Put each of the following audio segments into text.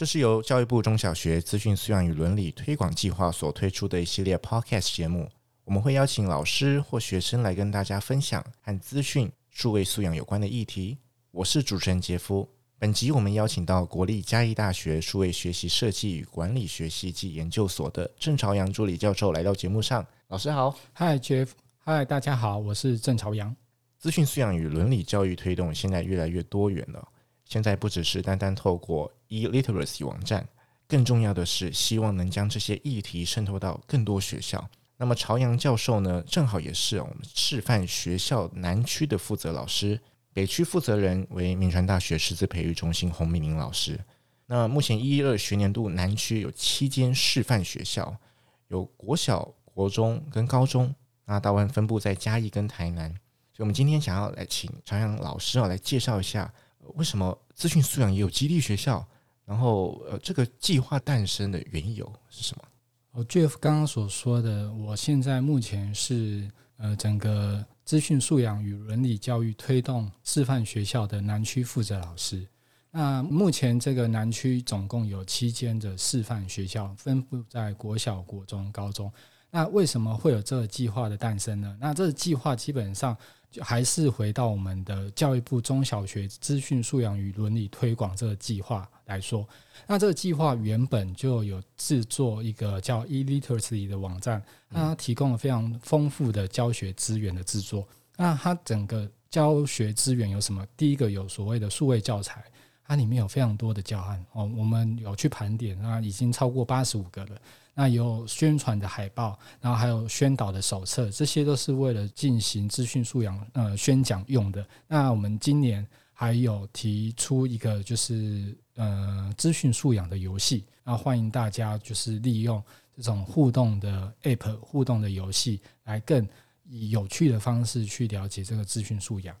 這是由教育部中小學資訊素養與倫理推廣計劃所推出的一系列 Podcast 節目。我們會邀請老師或學生來跟大家分享和資訊、數位素養有關的議題。我是主持人杰夫。本集我們邀請到國立嘉義大學數位學習設計與管理學系暨研究所的鄭朝陽助理教授來到節目上。老師好。Hi Jeff，Hi 大家好，我是鄭朝陽。資訊素養與倫理教育推動現在越來越多元了。現在不只是單單透過 e-literacy 網站，更重要的是希望能將這些議題滲透到更多學校。那麼朝陽教授呢，正好也是我們示範學校南區的負責老師，北區負責人為銘傳大學師資培育中心洪明明老師。那目前一一二學年度南區有七間示範學校，有國小、國中跟高中，那大部分分布在嘉義跟台南。所以我們今天想要來請朝陽老師啊來介紹一下。為什麼資訊素養也有基地學校？然後，呃，這個計劃誕生的緣由是什麼？我 Jeff 剛剛所說的，我現在目前是呃，整個資訊素養與倫理教育推動示範學校的南區負責老師。那目前這個南區總共有七間的示範學校，分布在國小、國中、高中。那為什麼會有這個計劃的誕生呢？那這個計劃基本上。就還是回到我們的教育部中小學資訊素養與倫理推廣這個計劃來說，那這個計劃原本就有製作一個叫 E-Literacy 的網站，那它提供了非常豐富的教學資源的製作。那它整個教學資源有什麼？第一個有所謂的數位教材。它、啊、裡面有非常多的教案哦，我們有去盤點，那已經超過八十五個了。那有宣傳的海報，然後還有宣導的手冊，這些都是為了進行資訊素養呃宣講用的。那我們今年還有提出一個就是呃資訊素養的遊戲，那歡迎大家就是利用這種互動的 App、互動的遊戲，來更以有趣的方式去了解這個資訊素養。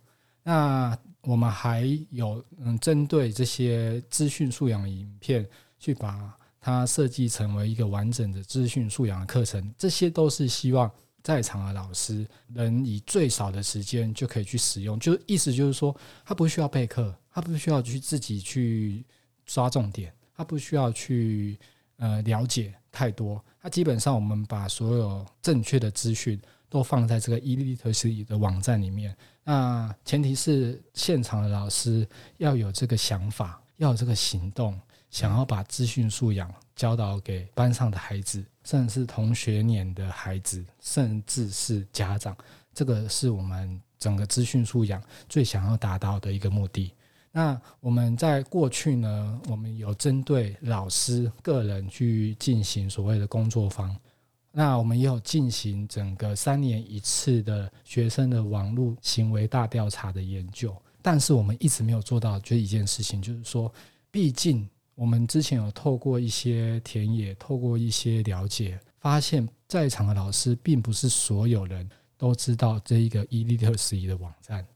那我們還有嗯，針對這些資訊素養的影片，去把它設計成為一個完整的資訊素養的課程，這些都是希望在場的老師能以最少的時間就可以去使用。就意思就是說，他不需要備課，他不需要去自己去抓重點，他不需要去呃了解太多。他基本上，我們把所有正確的資訊。都放在這個 eliteracy 的網站裡面。那前提是現場的老師要有這個想法，要有這個行動，想要把資訊素養教導給班上的孩子，甚至是同學年的孩子，甚至是家長。這個是我們整個資訊素養最想要達到的一個目的。那我們在過去呢，我們有針對老師個人去進行所謂的工作坊。那我們也有進行整個三年一次的學生的網絡行為大調查的研究，但是我們一直沒有做到就一件事情，就是說，畢竟我們之前有透過一些田野，透過一些了解，發現，在場的老師並不是所有人都知道這一個 eliteracy 的網站。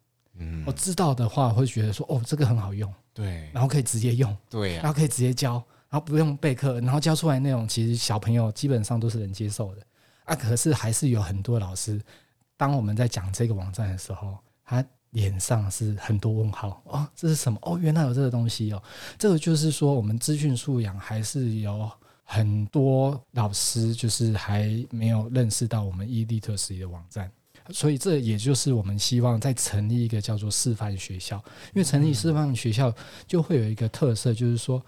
我知道的話，會覺得說，哦，這個很好用，對，然後可以直接用，對，然後可以直接教。然後不用備課，然後教出來內容，其實小朋友基本上都是能接受的。啊，可是還是有很多老師，當我們在講這個網站的時候，他臉上是很多問號。哦，這是什麼？哦，原來有這個東西哦。這個就是說，我們資訊素養還是有很多老師就是還沒有認識到我們 eliteracy 的網站。所以這也就是我們希望再成立一個叫做示範學校，因為成立示範學校就會有一個特色，嗯、就是說。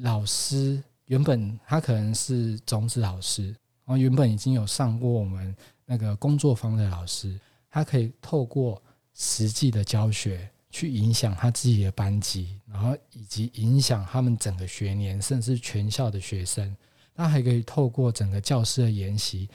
老師原本他可能是種子老師，然後原本已經有上過我們那個工作坊的老師，他可以透過實際的教學去影響他自己的班級，然後以及影響他們整個學年甚至全校的學生。他還可以透過整個教師的研習，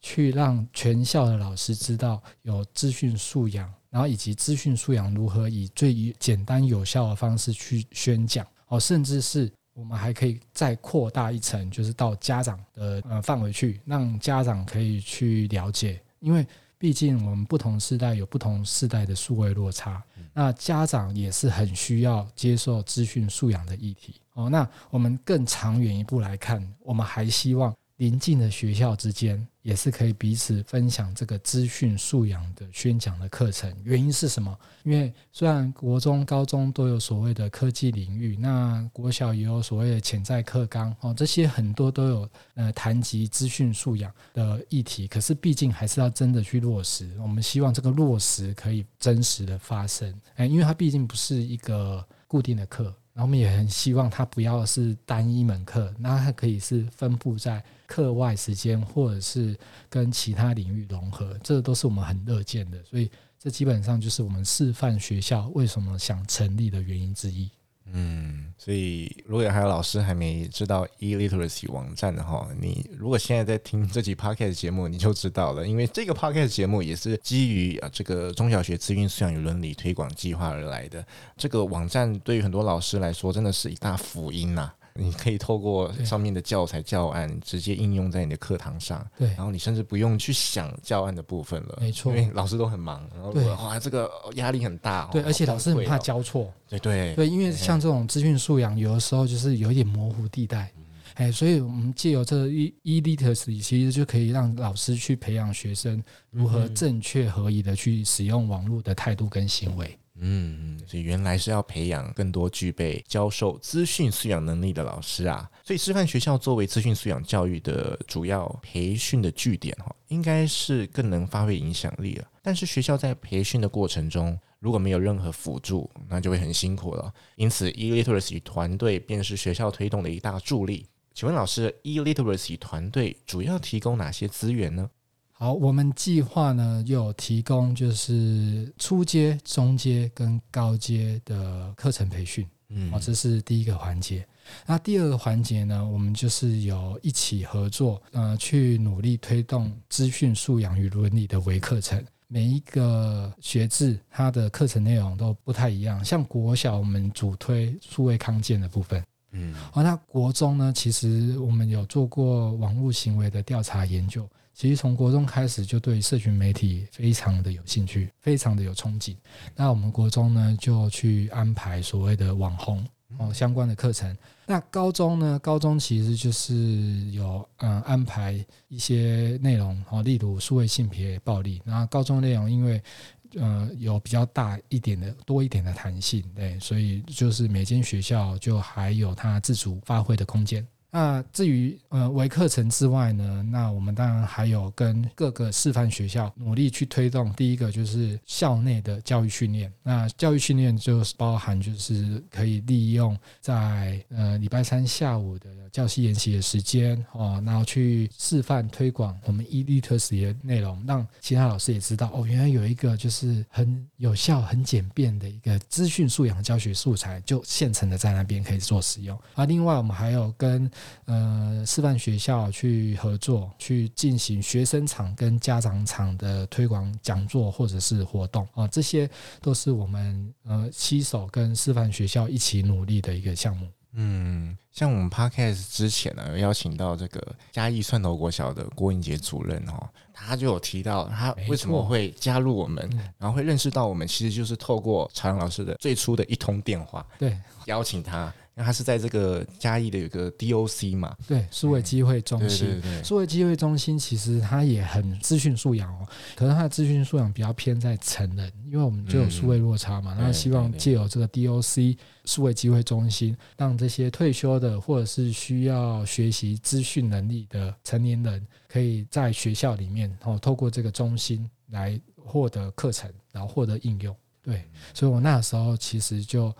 去讓全校的老師知道有資訊素養，然後以及資訊素養如何以最簡單有效的方式去宣講哦，甚至是。我們還可以再擴大一層，就是到家長的呃範圍去，讓家長可以去了解，因為畢竟我們不同世代有不同世代的數位落差，那家長也是很需要接受資訊素養的議題。哦，那我們更長遠一步來看，我們還希望。鄰近的學校之間也是可以彼此分享這個資訊素養的宣講的課程。原因是什麼？因為雖然國中、高中都有所謂的科技領域，那國小也有所謂的潛在課綱哦，這些很多都有呃談及資訊素養的議題。可是畢竟還是要真的去落實。我們希望這個落實可以真實的發生。誒、哎，因為它畢竟不是一個固定的課。然後我們也很希望它不要是單一門課，那它可以是分布在課外時間，或者是跟其他領域融合，這個都是我們很樂見的。所以這基本上就是我們示範學校為什麼想成立的原因之一。嗯，所以如果還有老師還沒知道 eliteracy 網站的話，你如果現在在聽這期 podcast 節目，你就知道了，因為這個 podcast 節目也是基於啊這個中小學資訊素養與倫理推廣計劃而來的。這個網站對於很多老師來說，真的是一大福音吶、啊。你可以透過上面的教材教案直接應用在你的課堂上，對，然後你甚至不用去想教案的部分了，沒錯，因為老師都很忙，對然後對，哇，這個壓力很大，對，哦、而且老師很怕教錯，哦、對對對，因為像這種資訊素養，有的時候就是有一點模糊地帶，哎嘿，所以我們借由這個 eliteracy 其實就可以讓老師去培養學生如何正確、合理的去使用網絡的態度跟行為。嗯，所以原來是要培養更多具備教授資訊素養能力的老師啊，所以示範學校作為資訊素養教育的主要培訓的據點哈，應該是更能發揮影響力了。但是學校在培訓的過程中，如果沒有任何輔助，那就會很辛苦了。因此，e-literacy 團隊便是學校推動的一大助力。請問老師，e-literacy 團隊主要提供哪些資源呢？好，我們計劃呢有提供就是初階、中階跟高階的課程培訓，嗯，哦，這是第一個環節。那第二個環節呢，我們就是有一起合作，呃，去努力推動資訊素養與倫理的微課程。每一個學制它的課程內容都不太一樣，像國小我們主推數位康健的部分，嗯，而、哦、那國中呢，其實我們有做過網絡行為的調查研究。其實從國中開始就對社群媒體非常的有興趣，非常的有憧憬。那我們國中呢，就去安排所謂的網紅哦相關的課程。那高中呢，高中其實就是有嗯，呃，安排一些內容哦，例如數位性別暴力。然後高中內容因為呃有比較大一點的多一點的彈性，對，所以就是每間學校就還有它自主發揮的空間。那至於呃微課程之外呢，那我們當然還有跟各個示範學校努力去推動。第一個就是校內的教育訓練。那教育訓練就是包含就是可以利用在呃禮拜三下午的教師研習的時間哦，然後去示範推廣我們 eliteracy 的內容，讓其他老師也知道哦，原來有一個就是很有效、很簡便的一個資訊素養教學素材，就現成的在那邊可以做使用。而、啊、另外我們還有跟呃，示範學校去合作，去進行學生場跟家長場的推廣講座或者是活動啊、呃，這些都是我們呃攜手跟示範學校一起努力的一個項目。嗯，像我們 podcast 之前呢、啊，有邀請到這個嘉義蒜頭國小的郭英杰主任哦、啊，他就有提到他為什麼會加入我們，錯然後會認識到我們，其實就是透過朝陽老師的最初的一通電話，對，邀請他。那他是在這個嘉義的有個 DOC 嘛？對，數位機會中心。數位機會中心其實它也很資訊素養哦、喔，可能它的資訊素養比較偏在成人，因為我們就有數位落差嘛。嗯、然後希望借由這個 DOC 數對位機會中心，讓這些退休的或者是需要學習資訊能力的成年人，可以在學校裡面哦、喔，透過這個中心來獲得課程，然後獲得應用。對，所以我那時候其實就。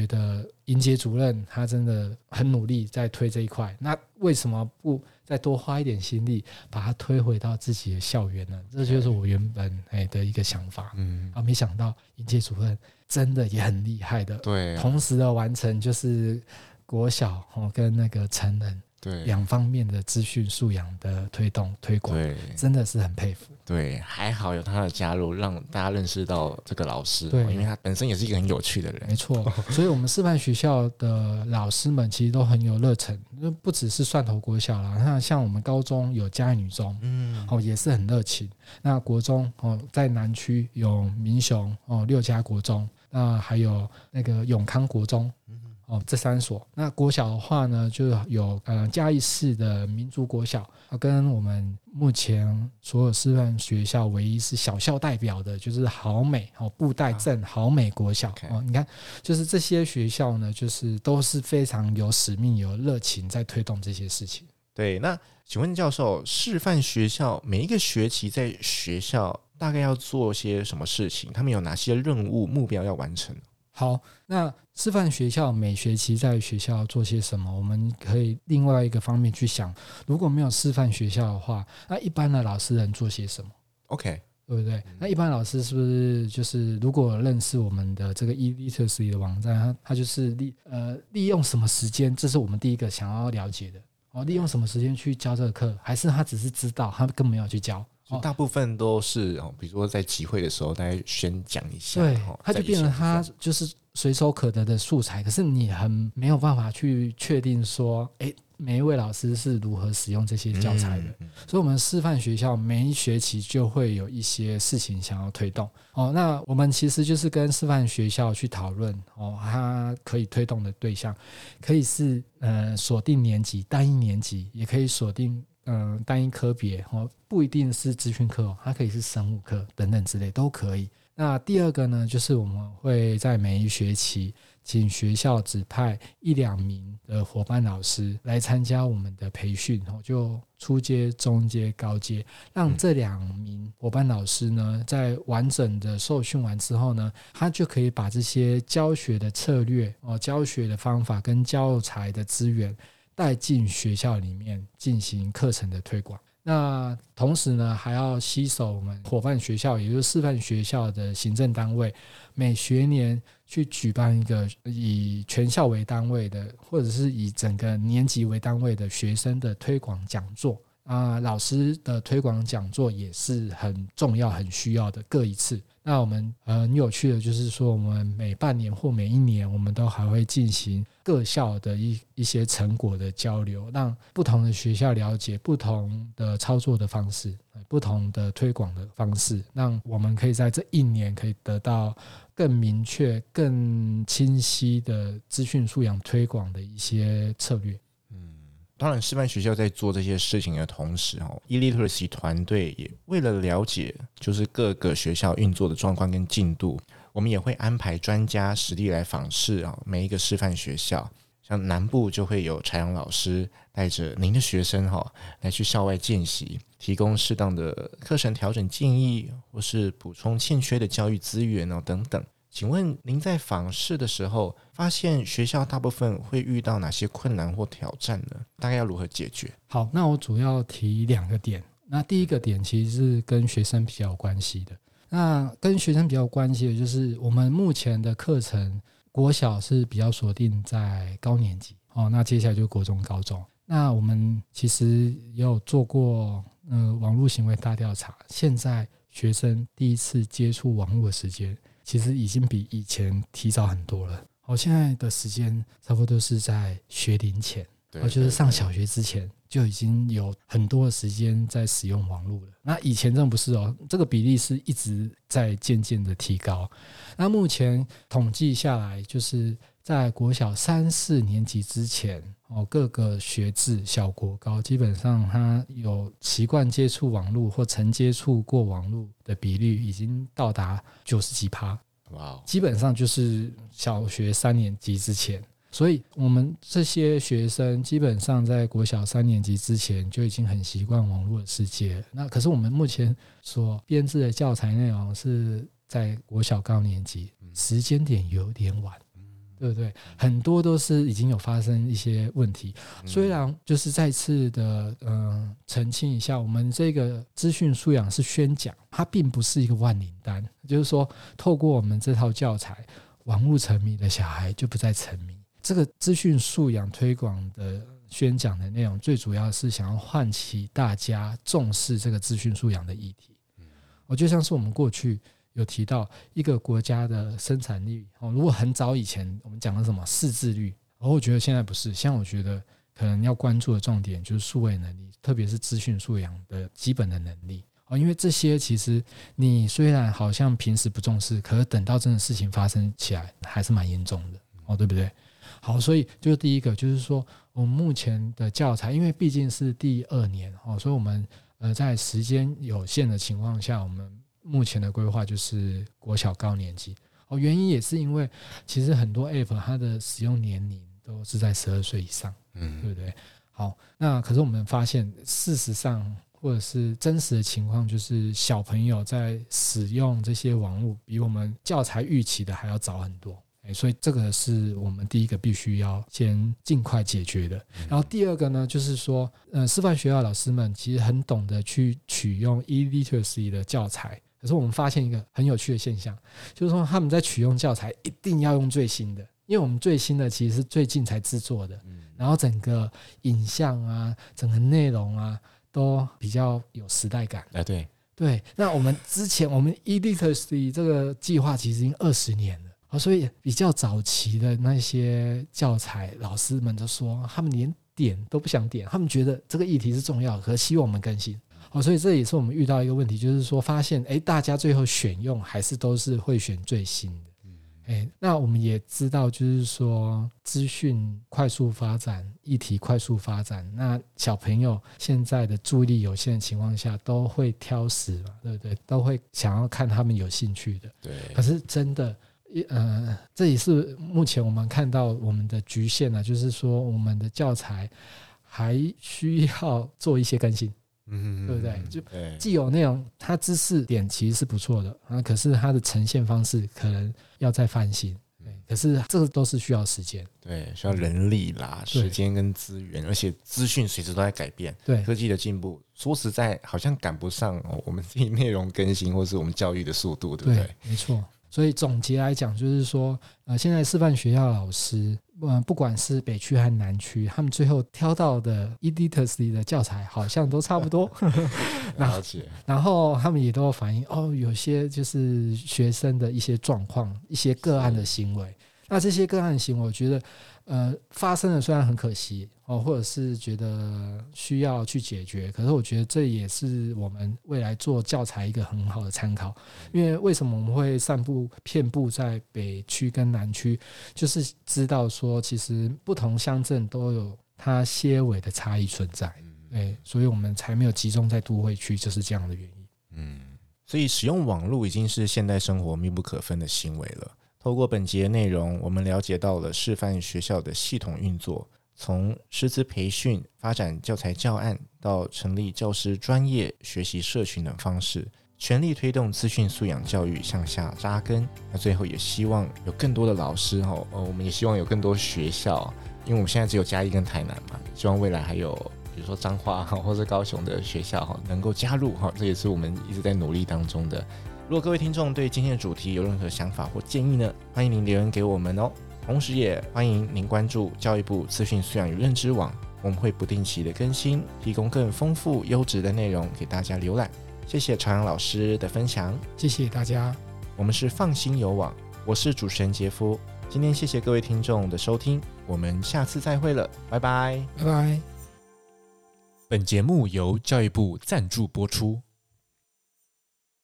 覺得英傑主任他真的很努力在推這一塊，那為什麼不再多花一點心力把它推回到自己的校園呢？這就是我原本哎的一個想法。嗯，啊，沒想到英傑主任真的也很厲害的。對，同時要完成就是國小哦跟那個成人。兩對方面的資訊素養的推動推廣，對真的是很佩服。對，還好有他的加入，讓大家認識到這個老師。對，因為他本身也是一個很有趣的人。沒錯，所以我們示範學校的老師們其實都很有熱忱，那 不只是蒜頭國小啦，那像我們高中有嘉義女中，嗯，哦，也是很熱情。那國中哦，在南區有民雄哦，六家國中，那還有那個永康國中。嗯哦，這三所那國小的話呢，就有呃嘉義市的民族國小，啊，跟我們目前所有示範學校唯一是小校代表的，就是好美好、哦、布袋鎮好美國小 Okay. 哦。你看，就是這些學校呢，就是都是非常有使命、有熱情在推動這些事情。對，那請問教授，示範學校每一個學期在學校大概要做些什麼事情？他們有哪些任務目標要完成？好，那示範學校每學期在學校做些什麼？我們可以另外一個方面去想，如果沒有示範學校的話，那一般的老師能做些什麼？OK，對不對？那一般老師是不是就是如果認識我們的這個 E-Literacy 的網站，他他就是利呃利用什麼時間？這是我們第一個想要了解的哦，利用什麼時間去教這個課？還是他只是知道，他根本沒有去教？大部分都是哦，比如說在集會的時候，大家宣講一下，對，一下對，它就變成它就是隨手可得的素材。可是你很沒有辦法去確定說，誒、欸，每一位老師是如何使用這些教材的。嗯、所以，我們示範學校每一學期就會有一些事情想要推動、嗯、哦。那我們其實就是跟示範學校去討論哦，它可以推動的對象可以是呃鎖定年級，單一年級也可以鎖定。嗯、呃，單一科別哦，不一定是資訊科，它可以是生物科等等之類都可以。那第二個呢，就是我們會在每一學期請學校指派一兩名的夥伴老師來參加我們的培訓哦，就初階、中階、高階，讓這兩名夥伴老師呢，在完整的受訓完之後呢，他就可以把這些教學的策略哦、教學的方法跟教材的資源。在進學校裡面進行課程的推廣，那同時呢，還要攜手我們夥伴學校，也就是示範學校的行政單位，每學年去舉辦一個以全校為單位的，或者是以整個年級為單位的學生的推廣講座。啊，老師的推廣講座也是很重要、很需要的，各一次。那我們、呃、很有趣的，就是說，我們每半年或每一年，我們都還會進行各校的一一些成果的交流，讓不同的學校了解不同的操作的方式、不同的推廣的方式，讓我們可以在這一年可以得到更明確、更清晰的資訊素養推廣的一些策略。當然，示範學校在做這些事情的同時，哈，eliteracy 團隊也為了了解就是各個學校運作的狀況跟進度，我們也會安排專家實地來訪視啊。每一個示範學校，像南部就會有朝陽老師帶着您的學生哈來去校外見習，提供適當的課程調整建議，或是補充欠缺的教育資源哦等等。請問您在訪視的時候，發現學校大部分會遇到哪些困難或挑戰呢？大概要如何解決？好，那我主要提兩個點。那第一個點其實是跟學生比較有關係的。那跟學生比較有關係的就是我們目前的課程，國小是比較鎖定在高年級哦。那接下來就國中、高中。那我們其實也有做過嗯、呃、網絡行為大調查。現在學生第一次接觸網絡的時間，其實已經比以前提早很多了。我現在的時間差不多都是在學齡前，我就是上小學之前就已經有很多的時間在使用網絡了。那以前真的不是哦，這個比例是一直在漸漸的提高。那目前統計下來就是。在國小三四年級之前，哦，各個學制小國高，基本上他有習慣接觸網絡或曾接觸過網絡的比率，已經到達九十幾趴。哇！基本上就是小學三年級之前，所以我們這些學生基本上在國小三年級之前就已經很習慣網絡的世界。那可是我們目前所編制的教材內容是在國小高年級，時間點有點晚。對不對？很多都是已經有發生一些問題。雖然就是再次的、呃，嗯，澄清一下，我們這個資訊素養是宣講，它並不是一個萬靈丹。就是說，透過我們這套教材，網絡沉迷的小孩就不再沉迷。這個資訊素養推廣的宣講的內容，最主要是想要喚起大家重視這個資訊素養的議題。嗯，我就像是我們過去。有提到一個國家的生產率哦，如果很早以前我們講了什麼識字率，哦，而我覺得現在不是，現在我覺得可能要關注的重點就是數位能力，特別是資訊素養的基本的能力哦，因為這些其實你雖然好像平時不重視，可是等到真的事情發生起來，還是蠻嚴重的哦，對不對？好，所以就是第一個就是說我們目前的教材，因為畢竟是第二年哦，所以我們呃在時間有限的情況下，我們。目前的規劃就是國小高年級哦，原因也是因為其實很多 app 它的使用年齡都是在十二歲以上，嗯，對不對？好，那可是我們發現，事實上或者是真實的情況就是小朋友在使用這些網絡比我們教材預期的還要早很多。欸，誒，所以這個是我們第一個必須要先儘快解決的。然後第二個呢，就是說，呃，示範學校老師們其實很懂得去取用 e literacy 的教材。可是我們發現一個很有趣的現象，就是說他們在取用教材一定要用最新的，因為我們最新的其實是最近才制作的，然後整個影像啊、整個內容啊都比較有時代感，啊。對對。那我們之前我們 eliteracy 這個計劃其實已經二十年了，所以比較早期的那些教材，老師們就說他們連點都不想點，他們覺得這個議題是重要的，可是希望我們更新。哦，所以這也是我們遇到一個問題，就是說發現，哎，大家最後選用還是都是會選最新的。嗯，哎，那我們也知道，就是說資訊快速發展，議題快速發展，那小朋友現在的注意力有限的情況下，都會挑食嘛，對不對？都會想要看他們有興趣的。對。可是真的，一，呃，這也是目前我們看到我們的局限了，啊，就是說我們的教材還需要做一些更新。嗯，對不對？就既有內容，對它知識點其實是不錯的啊、呃，可是它的呈現方式可能要再翻新。對，可是這都是需要時間，對，需要人力啦，對時間跟資源，而且資訊隨時都在改變，對，科技的進步，說實在，好像趕不上、哦、我們自己內容更新或是我們教育的速度，對不對？對，沒錯。所以總結來講，就是說，呃，現在示範學校老師，嗯、呃，不管是北區還是南區，他們最後挑到的 eliteracy 的教材好像都差不多。 了解 然。然後他們也都反映，哦，有些就是學生的一些狀況，一些個案的行為。是的 那這些個案的行為，我覺得，呃，發生的雖然很可惜。或者是覺得需要去解決，可是我覺得這也是我們未來做教材一個很好的參考。因為為什麼我們會散布遍布在北區跟南區，就是知道說其實不同鄉鎮都有它些微的差異存在，對，所以我們才沒有集中在都會區，就是這樣的原因。嗯，所以使用網絡已經是現代生活密不可分的行為了。透過本節內容，我們了解到了示範學校的系統運作。從師資培訓、發展教材教案，到成立教師專業學習社群等方式，全力推動資訊素養教育向下扎根。那最後也希望有更多的老師哈，呃、哦，我們也希望有更多學校，因為我們現在只有嘉義跟台南嘛，希望未來還有比如說彰化哈，或者高雄的學校哈，能夠加入哈，這也是我們一直在努力當中的。如果各位聽眾對今天的主題有任何想法或建議呢，歡迎您留言給我們哦。同時，也歡迎您關注教育部資訊素養與認知網，我們會不定期的更新，提供更豐富、優質的內容給大家瀏覽。謝謝朝陽老師的分享，謝謝大家。我們是放心有網，我是主持人傑夫。今天謝謝各位聽眾的收聽，我們下次再會了，拜拜，拜拜。本節目由教育部贊助播出。